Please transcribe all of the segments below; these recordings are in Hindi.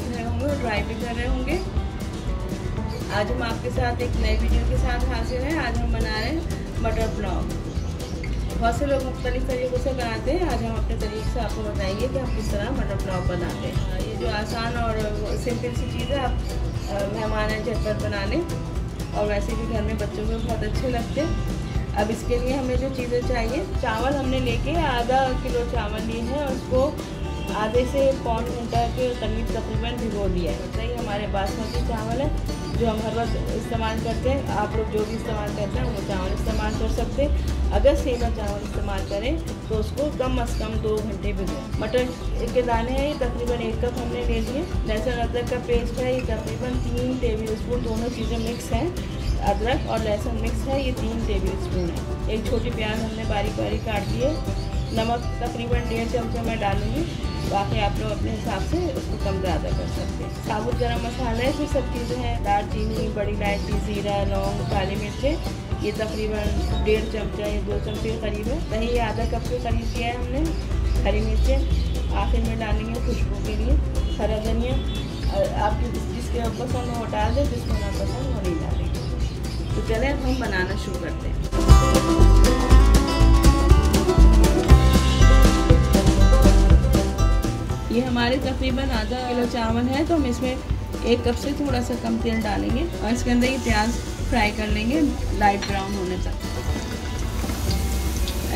देख रहे होंगे और ट्राई भी कर रहे होंगे आज हम आपके साथ एक नई वीडियो के साथ हाजिर हैं आज हम बना रहे हैं मटर पुलाव बहुत से लोग मुख्तलिफ तरीक़ों से बनाते हैं आज हम अपने तरीके से आपको बताएंगे कि हम किस तरह मटर पुलाव बनाते हैं तो ये जो आसान और सिंपल सी चीज़ है आप मेहमान हैं झटपट बना लें और वैसे भी घर में बच्चों को बहुत अच्छे लगते हैं अब इसके लिए हमें जो चीज़ें चाहिए चावल हमने लेके आधा किलो चावल लिए हैं उसको आधे से पौन घंटा के करीब तकरीबन भिगो दिया है सही तो हमारे बासमती चावल है जो हम हर वक्त इस्तेमाल करते हैं आप लोग जो भी इस्तेमाल करते हैं वो चावल इस्तेमाल कर सकते हैं अगर सेवा चावल इस्तेमाल करें तो उसको कम अज़ कम दो घंटे भिगो मटर के दाने हैं ये तकरीबन एक कप हमने ले लिए लहसुन अदरक का पेस्ट है ये तकरीबन तीन टेबल स्पून दोनों चीज़ें मिक्स हैं अदरक और लहसुन मिक्स है ये तीन टेबल स्पून है एक छोटी प्याज हमने बारीक बारीक काट दी है नमक तकरीबन डेढ़ चमचा मैं डालूँगी बाकी आप लोग अपने हिसाब से उसको कम ज़्यादा कर सकते हैं साबुत गरम मसाला ऐसी सब चीज़ें हैं दालचीनी बड़ी इलायची ज़ीरा लौंग काली मिर्चें ये तकरीबन डेढ़ चमचा या दो चमचे के करीब है दही आधा कप के करीब किया है हमने हरी मिर्चें आखिर में डालेंगे खुशबू के लिए हरा धनिया और आपकी जिसके पसंद हो डाल दें जिसको ना पसंद वो नहीं डालेंगे तो चले हम बनाना शुरू करते हैं ये हमारे तकरीबन आधा किलो चावल है तो हम इसमें एक कप से थोड़ा सा कम तेल डालेंगे और इसके अंदर ये प्याज फ्राई कर लेंगे लाइट ब्राउन होने तक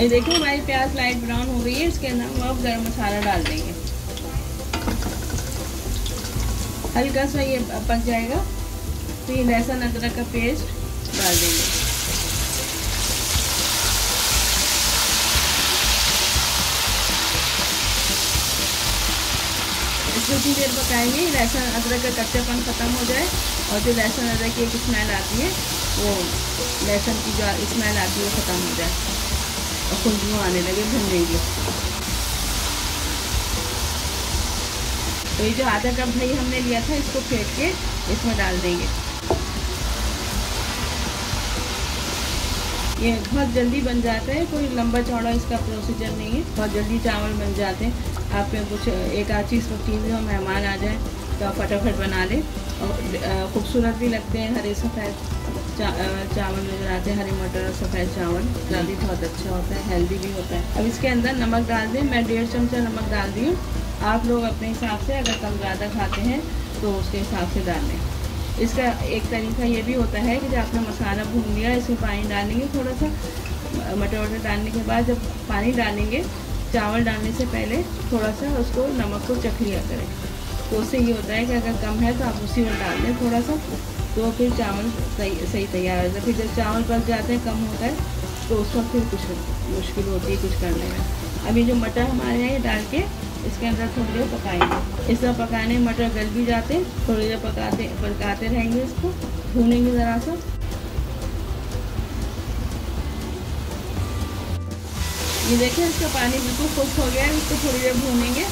ये देखो हमारी प्याज लाइट ब्राउन हो गई है इसके अंदर हम अब गर्म मसाला डाल देंगे हल्का सा ये पक जाएगा फिर तो लहसुन अदरक का पेस्ट डाल देंगे इसको देर पकाएंगे लहसुन अदरक का कच्चापन ख़त्म हो जाए और जो लहसुन अदरक की एक स्मेल आती है वो लहसुन की जो स्मेल आती है वो ख़त्म हो जाए और खुशबू आने लगे के तो ये जो आधा कप दही हमने लिया था इसको फेंट के इसमें डाल देंगे ये बहुत जल्दी बन जाता है कोई लंबा चौड़ा इसका प्रोसीजर नहीं है बहुत जल्दी चावल बन जाते हैं आप कुछ एक आध चीज़ चीज़ हो मेहमान आ जाए तो आप फटाफट बना लें और खूबसूरत भी लगते हैं हरे सफ़ेद चा, चावल नजर आते हैं हरे मटर और सफ़ेद चावल जल्दी बहुत अच्छा होता है हेल्दी भी होता है अब इसके अंदर नमक डाल दें मैं डेढ़ चमचा नमक डाल दी हूँ आप लोग अपने हिसाब से अगर कम ज़्यादा खाते हैं तो उसके हिसाब से डाल लें इसका एक तरीका ये भी होता है कि जब आपने मसाला भून लिया इसमें पानी डालेंगे थोड़ा सा मटर वटर डालने के बाद जब पानी डालेंगे चावल डालने से पहले थोड़ा सा उसको नमक को चख लिया करें तो उससे ये होता है कि अगर कम है तो आप उसी में डाल दें थोड़ा सा तो फिर चावल सही सही तैयार हो जाता है फिर जब चावल पक जाते हैं कम होता है तो उस वक्त फिर कुछ मुश्किल होती है कुछ करने में अभी जो मटर हमारे यहाँ डाल के इसके अंदर थोड़ी देर पकाएंगे इस तरह पकाने मटर गल भी जाते थोड़ी देर पकाते पकाते रहेंगे इसको भूनेंगे ज़रा सा ये देखिए इसका पानी बिल्कुल खुश हो गया है इसको थोड़ी देर भूनेंगे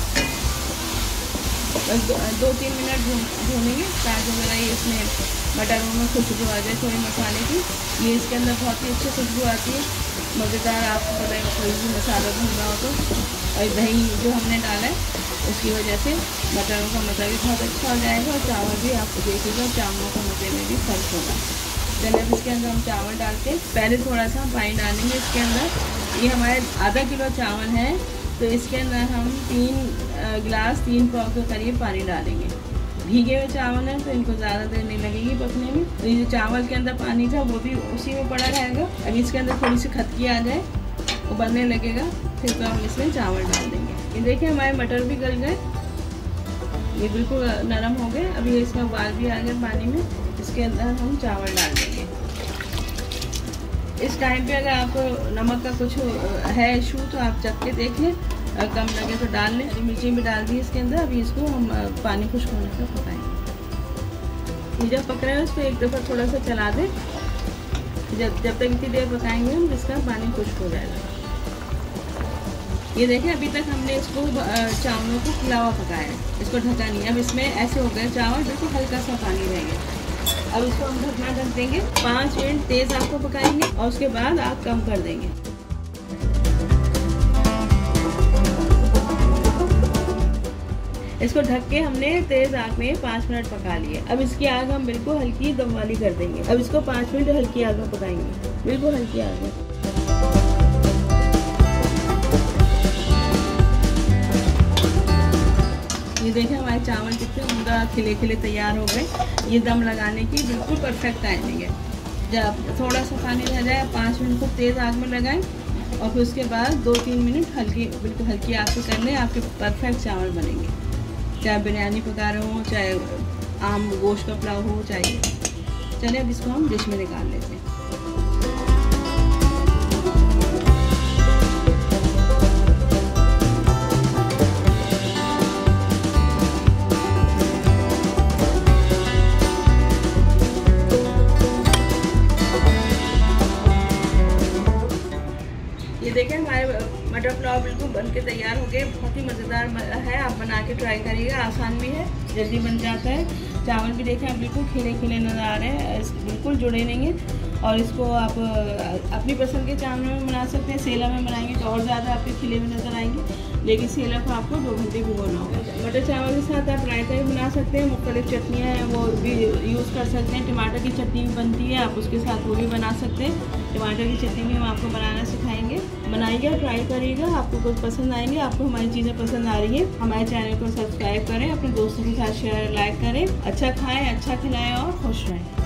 बस दो, दो तीन मिनट भूनेंगे ताकि मेरा ये इसमें मटरों में खुशबू आ जाए थोड़ी मसाले की ये इसके अंदर बहुत ही अच्छी खुशबू आती है मज़ेदार आपको पता है कोई भी मसाला भूना हो तो और दही जो हमने डाला है उसकी वजह से मटरों का मज़ा भी बहुत अच्छा हो जाएगा और चावल भी आपको देखिएगा चावलों का मज़े में भी फर्क होगा चलिए अब इसके अंदर हम चावल डालते हैं पहले थोड़ा सा पानी डालेंगे इसके अंदर ये हमारे आधा किलो चावल है तो इसके अंदर हम तीन गिलास तीन पाव के करीब पानी डालेंगे भीगे हुए चावल हैं तो इनको ज़्यादा देर नहीं लगेगी पकने में तो ये जो चावल के अंदर पानी था वो भी उसी में पड़ा रहेगा अभी इसके अंदर थोड़ी सी खतकी आ जाए उबलने लगेगा फिर तो हम इसमें चावल डाल देंगे ये देखिए हमारे मटर भी गल गए ये बिल्कुल नरम हो गए अभी इसमें उबाल भी आ गए पानी में इसके अंदर हम चावल डाल देंगे इस टाइम पे अगर आपको नमक का कुछ है इशू तो आप चख के देख लें कम लगे तो डाल लें हरी मिर्ची भी डाल दी इसके अंदर अभी इसको हम पानी खुश्क होने पर पकाएंगे जब पक रहा है उसको एक दफ़ा थोड़ा सा चला दें जब जब तक इतनी देर पकाएंगे हम इसका पानी खुश्क हो जाएगा ये देखें अभी तक हमने इसको चावलों को खिलावा पकाया है इसको ढका नहीं अब इसमें ऐसे हो गए चावल बिल्कुल हल्का सा पानी रह गया अब इसको हम ढकना ढक देंगे पाँच मिनट तेज़ आपको पकाएंगे और उसके बाद आप कम कर देंगे इसको ढक के हमने तेज़ आग में पाँच मिनट पका लिए अब इसकी आग हम बिल्कुल हल्की दम वाली कर देंगे अब इसको पाँच मिनट हल्की आग में पकाएंगे बिल्कुल हल्की आग में ये देखें हमारे चावल कितने उमदा खिले खिले तैयार हो गए ये दम लगाने की बिल्कुल परफेक्ट टाइमिंग है जब थोड़ा सा पानी रह जाए पाँच मिनट खूब तेज़ आग में लगाएं और फिर उसके बाद दो तीन मिनट हल्की बिल्कुल हल्की आग से कर लें आपके परफेक्ट चावल बनेंगे चाहे बिरयानी पका रहे हो चाहे आम गोश्त का पुलाव हो चाहे चले अब इसको हम डिश में निकाल लेते हैं देखें हमारे मटर पुलाव बिल्कुल बन के तैयार हो गए बहुत ही मज़ेदार है आप बना के ट्राई करिएगा आसान भी है जल्दी बन जाता है चावल भी देखें आप बिल्कुल खिले खिले नज़र आ रहे हैं बिल्कुल जुड़े नहीं हैं और इसको आप अपनी पसंद के चावल में बना सकते हैं सेला में बनाएंगे तो और ज़्यादा आपके खिले हुए नज़र आएंगे लेकिन सेला को आपको दो घंटे भिगोना होगा मटर चावल के साथ आप रायता भी बना सकते हैं मुख्तलिफ चटनियाँ हैं वो भी यूज़ कर सकते हैं टमाटर की चटनी भी बनती है आप उसके साथ वो भी बना सकते हैं टमाटर की चटनी भी हम आपको बनाना सिखाएंगे बनाइएगा ट्राई करिएगा आपको कुछ पसंद आएंगे आपको हमारी चीज़ें पसंद आ रही है हमारे चैनल को सब्सक्राइब करें अपने दोस्तों के साथ शेयर लाइक करें अच्छा खाएँ अच्छा खिलाएँ और खुश रहें